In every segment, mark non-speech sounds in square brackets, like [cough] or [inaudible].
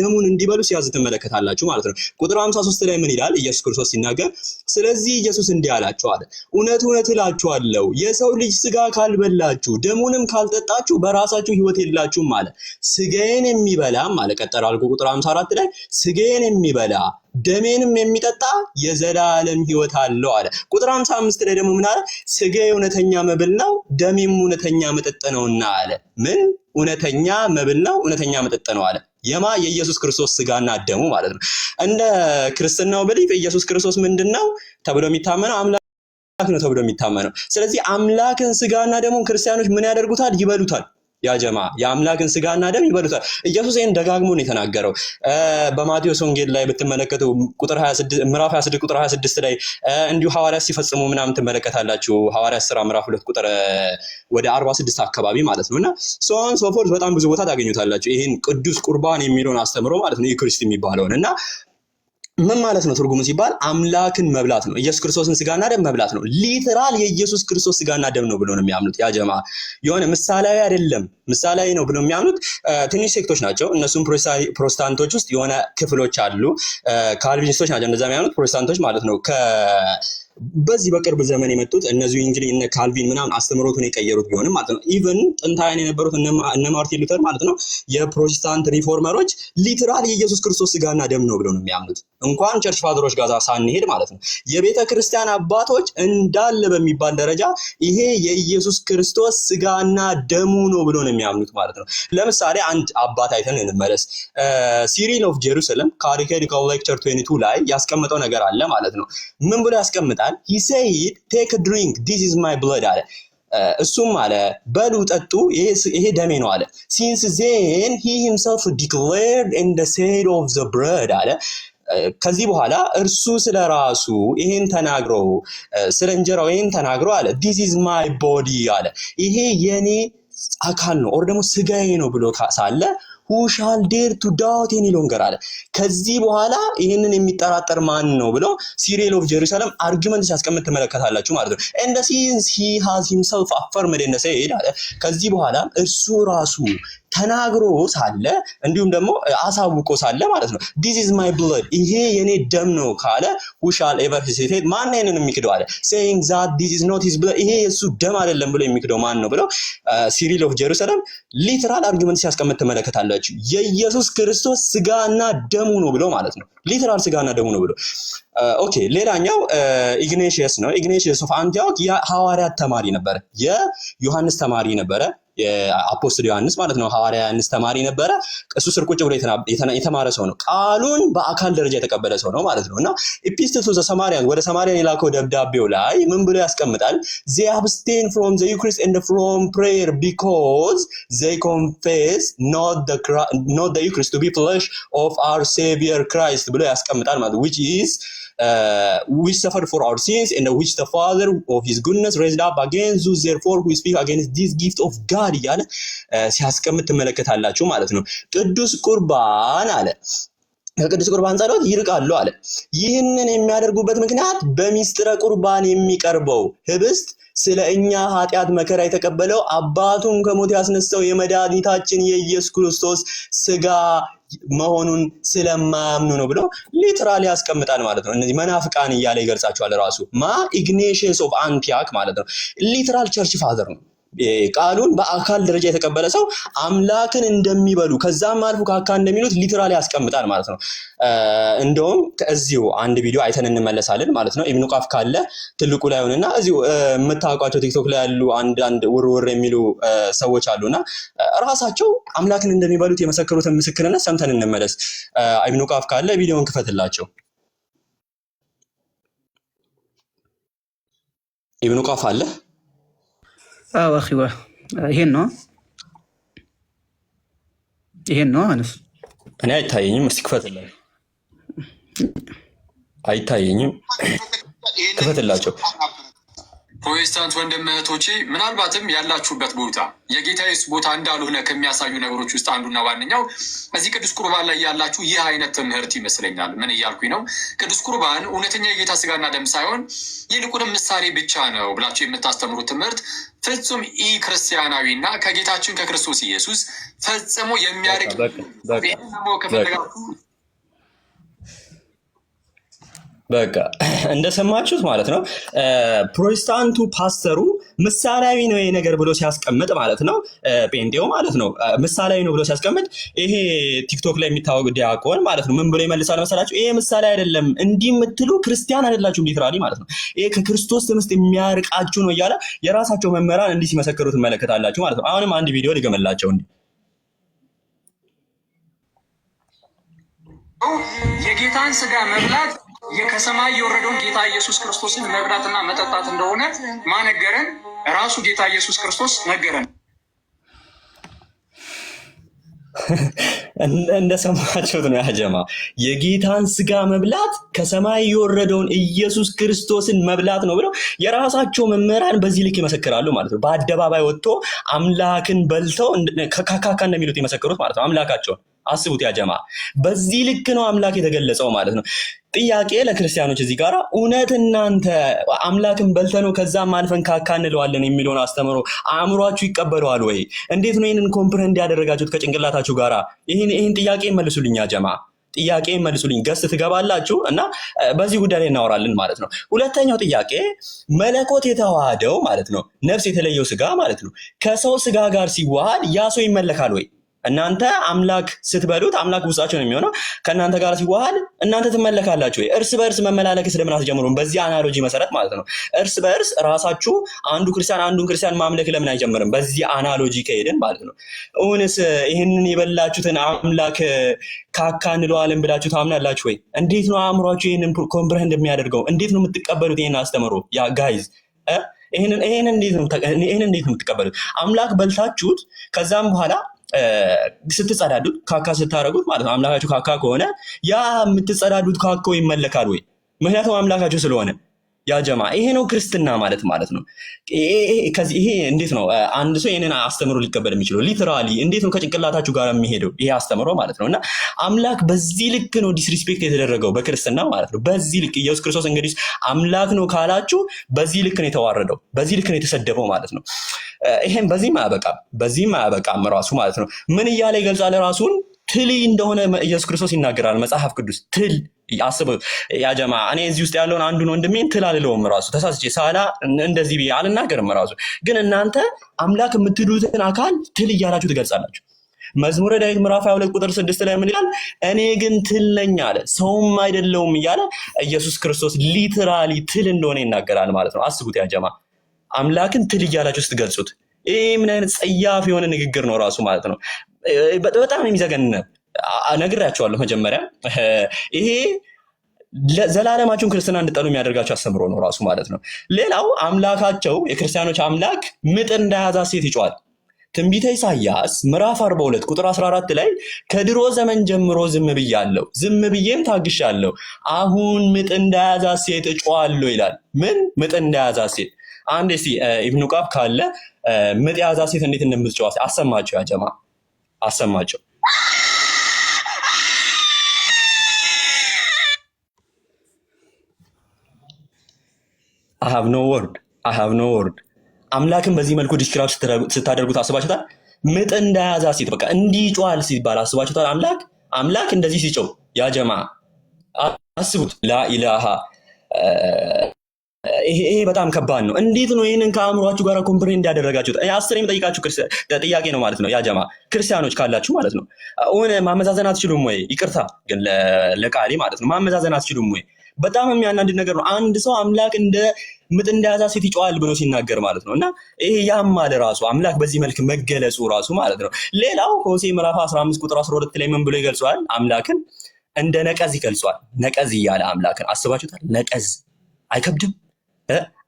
ደሙን እንዲበሉ ሲያዝ ትመለከታላችሁ ማለት ነው። ቁጥር 53 ላይ ምን ይላል? ኢየሱስ ክርስቶስ ሲናገር፣ ስለዚህ ኢየሱስ እንዲህ አላቸው አለ እውነት እውነት እላችኋለሁ የሰው ልጅ ስጋ ካልበላችሁ ደሙንም ካልጠጣችሁ በራሳችሁ ሕይወት የላችሁም አለ። ስጋዬን የሚበላ አለ ቀጠለ አልኩ ቁጥር 54 ላይ ስጋዬን የሚበላ ደሜንም የሚጠጣ የዘላለም ሕይወት አለው አለ። ቁጥር 55 ላይ ደግሞ ምን አለ? ስጋዬ እውነተኛ መብል ነው፣ ደሜም እውነተኛ መጠጥ ነውና አለ። ምን እውነተኛ መብል ነው፣ እውነተኛ መጠጥ ነው አለ። የማ የኢየሱስ ክርስቶስ ስጋና ደሙ ማለት ነው። እንደ ክርስትናው ብሊፍ ኢየሱስ ክርስቶስ ምንድን ነው ተብሎ የሚታመነው አምላክ ነው ተብሎ የሚታመነው። ስለዚህ አምላክን ስጋና ደሙን ክርስቲያኖች ምን ያደርጉታል? ይበሉታል። ያጀማ የአምላክን ስጋና ደም ይበሉታል። ኢየሱስ ይህን ደጋግሞ ነው የተናገረው። በማቴዎስ ወንጌል ላይ ብትመለከቱ ቁጥር 26 ምዕራፍ 26 ቁጥር 26 ላይ እንዲሁ ሐዋርያት ሲፈጽሙ ምናምን ትመለከታላችሁ። ሐዋርያት ስራ ምዕራፍ ሁለት ቁጥር ወደ 46 አካባቢ ማለት ነውና ሶን ሶፎርስ በጣም ብዙ ቦታ ታገኙታላችሁ። ይህን ቅዱስ ቁርባን የሚለውን አስተምሮ ማለት ነው ኢክሪስት የሚባለውን እና ምን ማለት ነው ትርጉሙ ሲባል አምላክን መብላት ነው። ኢየሱስ ክርስቶስን ስጋና ደም መብላት ነው። ሊትራል የኢየሱስ ክርስቶስ ስጋና ደም ነው ብሎ ነው የሚያምኑት። ያ ጀማ የሆነ ምሳሌያዊ አይደለም፣ ምሳሌያዊ ነው ብሎ የሚያምኑት ትንሽ ሴክቶች ናቸው። እነሱም ፕሮቴስታንቶች ውስጥ የሆነ ክፍሎች አሉ። ካልቪኒስቶች ናቸው እንደዛ የሚያምኑት ፕሮቴስታንቶች ማለት ነው። በዚህ በቅርብ ዘመን የመጡት እነዚህ እንግዲህ እነ ካልቪን ምናምን አስተምሮቱን የቀየሩት ቢሆንም ማለት ነው። ኢቨን ጥንታውያን የነበሩት እነ ማርቲን ሉተር ማለት ነው የፕሮቴስታንት ሪፎርመሮች ሊትራል የኢየሱስ ክርስቶስ ስጋና ደም ነው ብለው ነው የሚያምኑት። እንኳን ቸርች ፋዘሮች ጋዛ ሳንሄድ ማለት ነው የቤተ ክርስቲያን አባቶች እንዳለ በሚባል ደረጃ ይሄ የኢየሱስ ክርስቶስ ስጋና ደሙ ነው ብለው ነው የሚያምኑት ማለት ነው። ለምሳሌ አንድ አባት አይተን እንመለስ። ሲሪል ኦፍ ጄሩሳሌም ካቴኬቲካል ሌክቸር ቱ ላይ ያስቀመጠው ነገር አለ ማለት ነው። ምን ብሎ ያስቀምጣል? ይመጣል። ሂ ቴክ ድሪንክ ዲስ ኢዝ ማይ ብለድ አለ። እሱም አለ በሉ ጠጡ፣ ይሄ ደሜ ነው አለ። ሲንስ ዜን ሂ ሂምሰልፍ ዲክሌርድ ኢን ደ ሴድ ኦፍ ዘ ብረድ አለ። ከዚህ በኋላ እርሱ ስለ ራሱ ይሄን ተናግሮ ስለ እንጀራው ይሄን ተናግሮ አለ ዲስ ኢዝ ማይ ቦዲ አለ ይሄ የኔ አካል ነው ኦር ደግሞ ስጋዬ ነው ብሎ ሳለ who shall dare to doubt any longer አለ። ከዚህ በኋላ ይህንን የሚጠራጠር ማን ነው ብሎ ሲሪል ኦፍ ጀሩሳሌም አርጊመንት ሲያስቀምጥ ትመለከታላችሁ ማለት ነው። and ሂ ሃዝ ሂምሰልፍ himself affirmed and said ከዚህ በኋላ እርሱ ራሱ ተናግሮ ሳለ እንዲሁም ደግሞ አሳውቆ ሳለ ማለት ነው ዲስ ኢዝ ማይ ብለድ ይሄ የኔ ደም ነው ካለ ሁሻል ኤቨር ሄድ ማን ይሄንን የሚክደው አለ ሴይንግ ዛት ዲስ ኢዝ ኖት ሂዝ ብለድ ይሄ የእሱ ደም አይደለም ብሎ የሚክደው ማን ነው ብለው ሲሪል ኦፍ ጀሩሳሌም ሊትራል አርጊመንት ሲያስቀምጥ ትመለከታላችሁ የኢየሱስ ክርስቶስ ስጋና ደሙ ነው ብለው ማለት ነው ሊትራል ስጋና ደሙ ነው ብለው ኦኬ ሌላኛው ኢግኔሽየስ ነው ኢግኔሽየስ ኦፍ አንቲዮክ የሐዋርያት ተማሪ ነበረ የዮሐንስ ተማሪ ነበረ የአፖስትል ዮሐንስ ማለት ነው ሐዋርያ ዮሐንስ ተማሪ ነበረ። እሱ ስር ቁጭ ብሎ የተማረ ሰው ነው። ቃሉን በአካል ደረጃ የተቀበለ ሰው ነው ማለት ነው እና ኢፒስትል ቱ ሰማሪያን ወደ ሰማሪያን የላከው ደብዳቤው ላይ ምን ብሎ ያስቀምጣል? ዜይ አብስቴን ፍሮም ዘ ዩክሪስት ኤንድ ፍሮም ፕሬየር ቢኮዝ ዜይ ኮንፌስ ኖት ዘ ዩክሪስት ቱ ቢ ፍለሽ ኦፍ አር ሴቪየር ክራይስት ብሎ ያስቀምጣል ማለት ዊች ኢዝ uh, which suffered for our sins, and which the Father of His goodness raised up against those therefore who speak against this gift of God እያለ uh, ሲያስቀምጥ ትመለከታላችሁ ማለት ነው። ቅዱስ ቁርባን አለ ከቅዱስ ቁርባን ጸሎት ይርቃሉ አለ። ይህንን የሚያደርጉበት ምክንያት በሚስጥረ ቁርባን የሚቀርበው ህብስት ስለ እኛ ኃጢአት መከራ የተቀበለው አባቱን ከሞት ያስነሳው የመድኃኒታችን የኢየሱስ ክርስቶስ ስጋ መሆኑን ስለማያምኑ ነው ብሎ ሊትራሊ ያስቀምጣል ማለት ነው። እነዚህ መናፍቃን እያለ ይገልጻቸዋል ራሱ ማ ኢግኔሽየስ ኦፍ አንቲያክ ማለት ነው። ሊትራል ቸርች ፋዘር ነው። ቃሉን በአካል ደረጃ የተቀበለ ሰው አምላክን እንደሚበሉ ከዛም አልፎ ካካ እንደሚሉት ሊትራሊ ያስቀምጣል ማለት ነው። እንደውም ከዚሁ አንድ ቪዲዮ አይተን እንመለሳለን ማለት ነው። ኢብኑ ቃፍ ካለ ትልቁ ላይ ሆነና እዚሁ የምታውቋቸው ቲክቶክ ላይ ያሉ አንዳንድ ውርውር የሚሉ ሰዎች አሉና ራሳቸው አምላክን እንደሚበሉት የመሰከሩትን ምስክርነት ሰምተን እንመለስ። ኢብኑ ቃፍ ካለ ቪዲዮውን ክፈትላቸው። ኢብኑ ቃፍ አለ አዎ አኺዋ ይሄን ነው ይሄን ነው አነስ እኔ አይታየኝም። እስቲ ክፈትላቸው፣ አይታየኝም። ክፈትላቸው ፕሮቴስታንት ወንድም እህቶቼ ምናልባትም ያላችሁበት ቦታ የጌታ ኢየሱስ ቦታ እንዳልሆነ ከሚያሳዩ ነገሮች ውስጥ አንዱና ዋነኛው እዚህ ቅዱስ ቁርባን ላይ ያላችሁ ይህ አይነት ትምህርት ይመስለኛል። ምን እያልኩኝ ነው? ቅዱስ ቁርባን እውነተኛ የጌታ ስጋና ደም ሳይሆን ይልቁንም ምሳሌ ብቻ ነው ብላችሁ የምታስተምሩት ትምህርት ፍጹም ኢ ክርስቲያናዊና ከጌታችን ከክርስቶስ ኢየሱስ ፈጽሞ የሚያርቅ ከፈለጋችሁ በቃ [clears throat] እንደሰማችሁት ማለት ነው። ፕሮቴስታንቱ ፓስተሩ ምሳሌያዊ ነው ይሄ ነገር ብሎ ሲያስቀምጥ ማለት ነው፣ ጴንጤው ማለት ነው ምሳሌያዊ ነው ብሎ ሲያስቀምጥ፣ ይሄ ቲክቶክ ላይ የሚታወቅ ዲያቆን ማለት ነው ምን ብሎ ይመልሳል መሰላችሁ? ይሄ ምሳሌ አይደለም፣ እንዲህ የምትሉ ክርስቲያን አይደላችሁም፣ ሊትራሊ ማለት ነው። ይሄ ከክርስቶስ ትምህርት የሚያርቃችሁ ነው እያለ የራሳቸው መምህራን እንዲህ ሲመሰክሩ ትመለከታላችሁ ማለት ነው። አሁንም አንድ ቪዲዮ ሊገመላቸው እንዲ የጌታን ስጋ መብላት ከሰማይ የወረደውን ጌታ ኢየሱስ ክርስቶስን መብላትና መጠጣት እንደሆነ ማነገረን ራሱ ጌታ ኢየሱስ ክርስቶስ ነገረን። እንደሰማችሁት ነው ያጀማ የጌታን ስጋ መብላት ከሰማይ የወረደውን ኢየሱስ ክርስቶስን መብላት ነው ብለው የራሳቸው መምህራን በዚህ ልክ ይመሰክራሉ ማለት ነው። በአደባባይ ወጥቶ አምላክን በልተው ከካካ እንደሚሉት የመሰክሩት ማለት ነው። አምላካቸውን አስቡት ያጀማ በዚህ ልክ ነው አምላክ የተገለጸው ማለት ነው። ጥያቄ ለክርስቲያኖች እዚህ ጋር እውነት እናንተ አምላክን በልተ ነው ከዛም አልፈን ካካ እንለዋለን የሚለውን አስተምሮ አእምሯችሁ ይቀበለዋል ወይ? እንዴት ነው ይህንን ኮምፕረንድ ያደረጋችሁት ከጭንቅላታችሁ ጋር? ይህን ጥያቄ መልሱልኛ ጀማ ጥያቄ መልሱልኝ። ገስ ትገባላችሁ እና በዚህ ጉዳይ ላይ እናወራለን ማለት ነው። ሁለተኛው ጥያቄ መለኮት የተዋሃደው ማለት ነው ነፍስ የተለየው ስጋ ማለት ነው ከሰው ስጋ ጋር ሲዋሃድ ያ ሰው ይመለካል ወይ? እናንተ አምላክ ስትበሉት አምላክ ውስጣችሁ ነው የሚሆነው። ከእናንተ ጋር ሲዋሃድ እናንተ ትመለካላችሁ። እርስ በእርስ መመላለክ ስለምን አትጀምሩም? በዚህ አናሎጂ መሰረት ማለት ነው። እርስ በእርስ ራሳችሁ አንዱ ክርስቲያን አንዱን ክርስቲያን ማምለክ ለምን አይጀምርም? በዚህ አናሎጂ ከሄድን ማለት ነው። እውንስ ይህንን የበላችሁትን አምላክ ካካ እንለዋለን ብላችሁ ታምናላችሁ ወይ? እንዴት ነው አእምሯችሁ ይህንን ኮምፕረንድ የሚያደርገው? እንዴት ነው የምትቀበሉት ይህን አስተምሮ? ያ ጋይዝ ይህን እንዴት ነው የምትቀበሉት? አምላክ በልታችሁት ከዛም በኋላ ስትጸዳዱት ካካ ስታደረጉት ማለት ነው አምላካችሁ ካካ ከሆነ ያ የምትጸዳዱት ካካው ይመለካል ወይ? ምክንያቱም አምላካችሁ ስለሆነ ያ ጀማ ይሄ ነው ክርስትና ማለት ማለት ነው። ይሄ እንዴት ነው አንድ ሰው ይህንን አስተምሮ ሊቀበል የሚችለው? ሊትራሊ እንዴት ነው ከጭንቅላታችሁ ጋር የሚሄደው ይሄ አስተምሮ ማለት ነው። እና አምላክ በዚህ ልክ ነው ዲስሪስፔክት የተደረገው በክርስትና ማለት ነው። በዚህ ልክ ኢየሱስ ክርስቶስ እንግዲህ አምላክ ነው ካላችሁ በዚህ ልክ ነው የተዋረደው፣ በዚህ ልክ ነው የተሰደበው ማለት ነው። ይሄም በዚህም አያበቃም፣ በዚህም አያበቃም ራሱ ማለት ነው። ምን እያለ ይገልጻል ራሱን ትል እንደሆነ ኢየሱስ ክርስቶስ ይናገራል መጽሐፍ ቅዱስ። ትል አስበ ያ ጀማ። እኔ እዚህ ውስጥ ያለውን አንዱን ወንድሜን ትል አልለውም ራሱ ተሳስቼ ሳላ እንደዚህ ብዬ አልናገርም ራሱ። ግን እናንተ አምላክ የምትሉትን አካል ትል እያላችሁ ትገልጻላችሁ። መዝሙረ ዳዊት ምዕራፍ 22 ቁጥር 6 ላይ ምን ይላል? እኔ ግን ትል ነኝ አለ ሰውም አይደለውም እያለ ኢየሱስ ክርስቶስ ሊትራሊ ትል እንደሆነ ይናገራል ማለት ነው። አስቡት ያ ጀማ፣ አምላክን ትል እያላችሁ ስትገልጹት ይህ ምን አይነት ጸያፍ የሆነ ንግግር ነው ራሱ ማለት ነው። Eh, በጣም የሚዘገን ነግራቸዋለሁ። መጀመሪያ [laughs] ይሄ ዘላለማችሁን ክርስትና እንድጠሉ የሚያደርጋቸው አስተምሮ ነው ራሱ ማለት ነው። ሌላው አምላካቸው የክርስቲያኖች አምላክ ምጥ እንዳያዛ ሴት ይጫዋል ትንቢተ ኢሳያስ ምዕራፍ 42 ቁጥር 14 ላይ ከድሮ ዘመን ጀምሮ ዝም ብያለሁ፣ ዝም ብዬም ታግሻለሁ። አሁን ምጥ እንዳያዛ ሴት እጫዋለሁ ይላል። ምን ምጥ እንዳያዛ ሴት? አንድ እስኪ ኢብኑ ቃብ ካለ ምጥ ያዛ ሴት እንዴት እንደምትጫዋ አሰማቸው ያጀማ አሰማቸው። አሃብ ኖ ወርድ አሃብ ኖ ወርድ። አምላክን በዚህ መልኩ ዲስክራብ ስታደርጉት አስባችሁታል? ምጥ እንዳያዛ ሴት በቃ እንዲህ ጮሃል ሲባል አስባችሁታል? አምላክ አምላክ እንደዚህ ሲጨው ያ ጀማ አስቡት። ላኢላሃ ይሄ በጣም ከባድ ነው። እንዴት ነው ይህንን ከአእምሯችሁ ጋር ኮምፕሬንድ እንዳደረጋችሁት? አስር የሚጠይቃችሁ ጥያቄ ነው ማለት ነው። ያ ጀማ ክርስቲያኖች ካላችሁ ማለት ነው ሆነ ማመዛዘን አትችሉም ወይ? ይቅርታ ግን ለቃሌ ማለት ነው ማመዛዘን አትችሉም ወይ? በጣም የሚያናድድ ነገር ነው። አንድ ሰው አምላክ እንደ ምጥ እንደያዛ ሴት ይጨዋል ብሎ ሲናገር ማለት ነው። እና ይሄ ያማል ራሱ አምላክ በዚህ መልክ መገለጹ ራሱ ማለት ነው። ሌላው ሆሴ ምዕራፍ 15 ቁጥር 12 ላይ ምን ብሎ ይገልጸዋል? አምላክን እንደ ነቀዝ ይገልጿል። ነቀዝ እያለ አምላክን አስባችሁታል? ነቀዝ አይከብድም?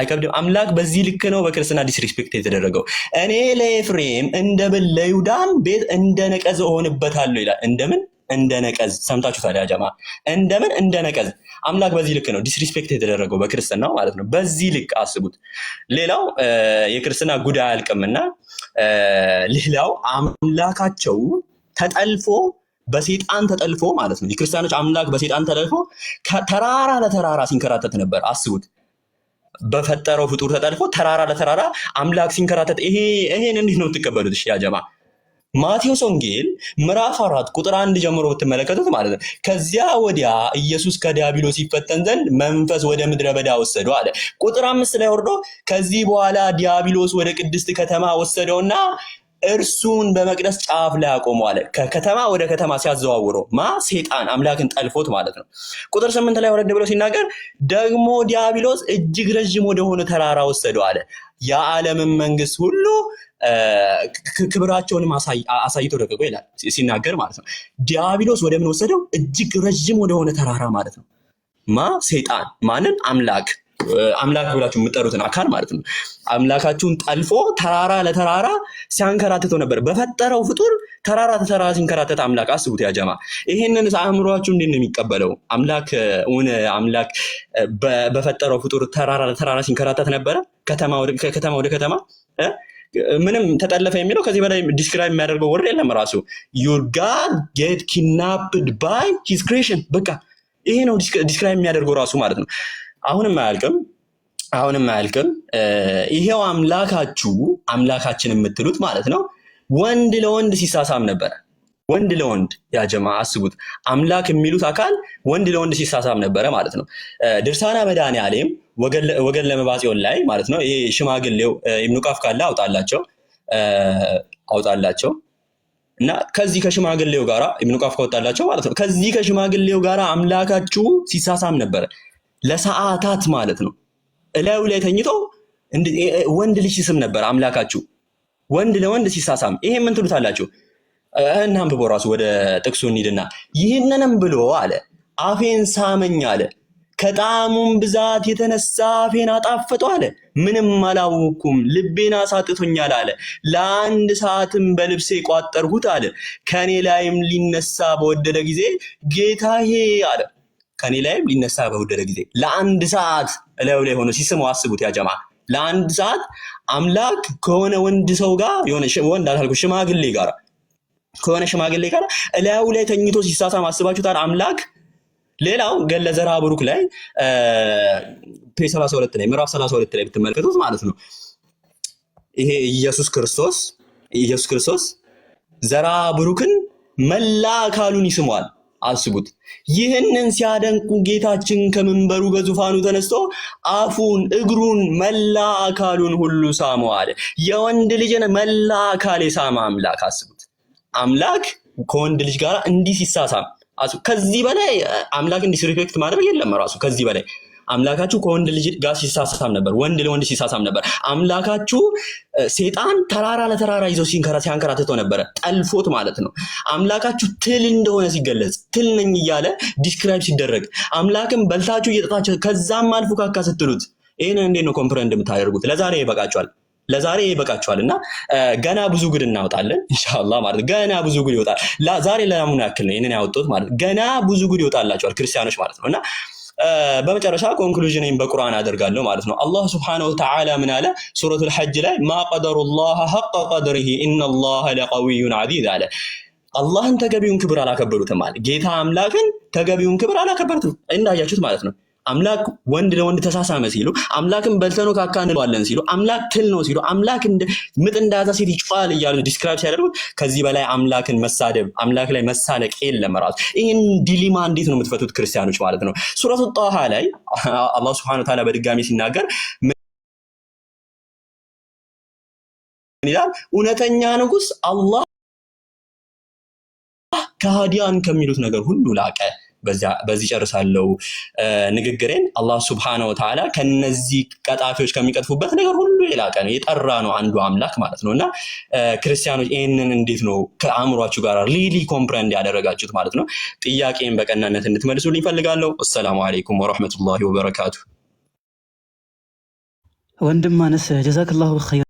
አይከብድም። አምላክ በዚህ ልክ ነው በክርስትና ዲስሪስፔክት የተደረገው። እኔ ለኤፍሬም እንደምን ለይሁዳም ቤት እንደ ነቀዝ እሆንበታለሁ ይላል። እንደምን እንደ ነቀዝ ሰምታችሁ ታዲያ ጀማ እንደምን እንደ ነቀዝ አምላክ በዚህ ልክ ነው ዲስሪስፔክት የተደረገው በክርስትናው ማለት ነው። በዚህ ልክ አስቡት። ሌላው የክርስትና ጉዳይ አልቅምና፣ ሌላው አምላካቸው ተጠልፎ በሴጣን ተጠልፎ ማለት ነው። የክርስቲያኖች አምላክ በሴጣን ተጠልፎ ተራራ ለተራራ ሲንከራተት ነበር። አስቡት። በፈጠረው ፍጡር ተጠልፎ ተራራ ለተራራ አምላክ ሲንከራተት ይሄን እንዴ ነው የምትቀበሉት? እሺ ያጀማ ማቴዎስ ወንጌል ምዕራፍ አራት ቁጥር አንድ ጀምሮ ብትመለከቱት ማለት ነው። ከዚያ ወዲያ ኢየሱስ ከዲያብሎስ ሲፈተን ዘንድ መንፈስ ወደ ምድረ በዳ ወሰደው አለ። ቁጥር አምስት ላይ ወርዶ ከዚህ በኋላ ዲያብሎስ ወደ ቅድስት ከተማ ወሰደውና እርሱን በመቅደስ ጫፍ ላይ አቆሙ አለ። ከከተማ ወደ ከተማ ሲያዘዋውረው ማ ሴጣን አምላክን ጠልፎት ማለት ነው። ቁጥር ስምንት ላይ ወረድ ብሎ ሲናገር ደግሞ ዲያብሎስ እጅግ ረዥም ወደሆነ ተራራ ወሰደው አለ። የዓለምን መንግስት ሁሉ ክብራቸውንም አሳይቶ ደቀቆ ይላል ሲናገር ማለት ነው። ዲያብሎስ ወደምን ወሰደው? እጅግ ረዥም ወደሆነ ተራራ ማለት ነው። ማ ሴጣን ማንን አምላክ አምላክ ብላችሁ የምጠሩትን አካል ማለት ነው። አምላካችሁን ጠልፎ ተራራ ለተራራ ሲያንከራትተው ነበር። በፈጠረው ፍጡር ተራራ ተራራ ሲንከራተት አምላክ አስቡት። ያጀማ ይህንን አእምሯችሁ እንዴት ነው የሚቀበለው? አምላክ እውነ አምላክ በፈጠረው ፍጡር ተራራ ለተራራ ሲንከራተት ነበረ፣ ከተማ ወደ ከተማ ምንም ተጠለፈ የሚለው ከዚህ በላይ ዲስክራይብ የሚያደርገው ወርድ የለም። ራሱ ዩር ጋድ ጌት ኪድናፕድ ባይ ሂዝ ክሬሽን በቃ ይሄ ነው ዲስክራይብ የሚያደርገው ራሱ ማለት ነው። አሁንም አያልቅም፣ አሁንም አያልቅም። ይሄው አምላካችሁ አምላካችን የምትሉት ማለት ነው ወንድ ለወንድ ሲሳሳም ነበረ። ወንድ ለወንድ ያጀማ አስቡት። አምላክ የሚሉት አካል ወንድ ለወንድ ሲሳሳም ነበረ ማለት ነው። ድርሳና መዳን መድኃኔዓለም ወገን ለመባጽዮን ላይ ማለት ነው። ይሄ ሽማግሌው ኢብኑ ቃፍ ካለ አውጣላቸው አውጣላቸው እና ከዚህ ከሽማግሌው ጋራ ኢብኑ ቃፍ ካወጣላቸው ማለት ነው ከዚህ ከሽማግሌው ጋራ አምላካችሁ ሲሳሳም ነበረ። ለሰዓታት ማለት ነው። እላዩ ላይ ተኝቶ ወንድ ልጅ ሲስም ነበር አምላካችሁ ወንድ ለወንድ ሲሳሳም። ይሄ ምን ትሉታላችሁ? እናንብቦ ራሱ ወደ ጥቅሱ እንሂድና ይህንንም ብሎ አለ አፌን ሳመኝ አለ ከጣዕሙም ብዛት የተነሳ አፌን አጣፈጠ አለ። ምንም አላወኩም፣ ልቤን አሳጥቶኛል አለ። ለአንድ ሰዓትም በልብሴ ቋጠርሁት አለ። ከእኔ ላይም ሊነሳ በወደደ ጊዜ ጌታዬ አለ ከኔ ላይም ሊነሳ በወደደ ጊዜ ለአንድ ሰዓት እላዩ ላይ ሆኖ ሲስመው አስቡት። ያጀማ ለአንድ ሰዓት አምላክ ከሆነ ወንድ ሰው ጋር የሆነ ወንድ አልኩ ሽማግሌ ጋር ከሆነ ሽማግሌ ጋር እላዩ ላይ ተኝቶ ሲሳሳም አስባችሁታል አምላክ። ሌላው ገለ ዘርአ ብሩክ ላይ ፔጅ 32 ላይ ምዕራፍ 32 ላይ ብትመለከቱት ማለት ነው ይሄ ኢየሱስ ክርስቶስ ኢየሱስ ክርስቶስ ዘራ ብሩክን መላ አካሉን ይስመዋል። አስቡት። ይህንን ሲያደንቁ ጌታችን ከመንበሩ ከዙፋኑ ተነስቶ አፉን፣ እግሩን፣ መላ አካሉን ሁሉ ሳመዋል የወንድ ልጅን መላ አካል የሳመ አምላክ አስቡት። አምላክ ከወንድ ልጅ ጋር እንዲህ ሲሳሳም ከዚህ በላይ አምላክ እንዲስሪፌክት ማድረግ የለም። ራሱ ከዚህ በላይ አምላካችሁ ከወንድ ልጅ ጋር ሲሳሳም ነበር፣ ወንድ ለወንድ ሲሳሳም ነበር። አምላካችሁ ሴጣን ተራራ ለተራራ ይዘው ሲያንከራትተው ነበረ፣ ጠልፎት ማለት ነው። አምላካችሁ ትል እንደሆነ ሲገለጽ ትል ነኝ እያለ ዲስክራይብ ሲደረግ አምላክም በልታችሁ እየጠጣችሁ ከዛም አልፎ ካካ ስትሉት ይህን እንዴት ነው ኮምፕረንድ የምታደርጉት? ለዛሬ ይበቃችኋል። ለዛሬ ይበቃችኋል እና ገና ብዙ ግድ እናወጣለን ኢንሻአላህ ማለት ገና ብዙ ግድ ይወጣል። ዛሬ ለናሙና ያክል ነው ይህንን ያወጡት ማለት ገና ብዙ ግድ ይወጣላቸዋል ክርስቲያኖች ማለት ነው እና በመጨረሻ ኮንክሉዥን በቁርአን አደርጋለሁ ማለት ነው። አላህ ሱብሓነሁ ወተዓላ ምን አለ? ሱረቱል ሐጅ ላይ ማ ቀደሩላህ ሐቀ ቀድሪሂ ኢነላህ ለቀዊዩን ዐዚዝ አለ። አላህን ተገቢውን ክብር አላከበሩትም አለ። ጌታ አምላክን ተገቢውን ክብር አላከበሩትም እንዳያችሁት ማለት ነው። አምላክ ወንድ ለወንድ ተሳሳመ ሲሉ፣ አምላክን በልተኖ ካካ እንለዋለን ሲሉ፣ አምላክ ትል ነው ሲሉ፣ አምላክ ምጥ እንዳዛ ሴት ይጮሃል እያሉ ዲስክራይብ ሲያደርጉት ከዚህ በላይ አምላክን መሳደብ አምላክ ላይ መሳለቅ የለም። ራሱ ይህን ዲሊማ እንዴት ነው የምትፈቱት ክርስቲያኖች ማለት ነው? ሱረቱ ጣሃ ላይ አላህ ስብሐነሁ ወተዓላ በድጋሚ ሲናገር ምን ይላል? እውነተኛ ንጉስ አላህ ከሃዲያን ከሚሉት ነገር ሁሉ ላቀ በዚህ ጨርሳለው ንግግሬን። አላህ ሱብሓነሁ ወተዓላ ከነዚህ ቀጣፊዎች ከሚቀጥፉበት ነገር ሁሉ የላቀ ነው፣ የጠራ ነው አንዱ አምላክ ማለት ነው። እና ክርስቲያኖች ይህንን እንዴት ነው ከአእምሯችሁ ጋር ሪሊ ኮምፕረንድ ያደረጋችሁት ማለት ነው? ጥያቄን በቀናነት እንድትመልሱልኝ ይፈልጋለሁ አሰላሙ አለይኩም ወረሕመቱላሂ ወበረካቱ። ወንድም አነስ ጀዛክላሁ ኸይር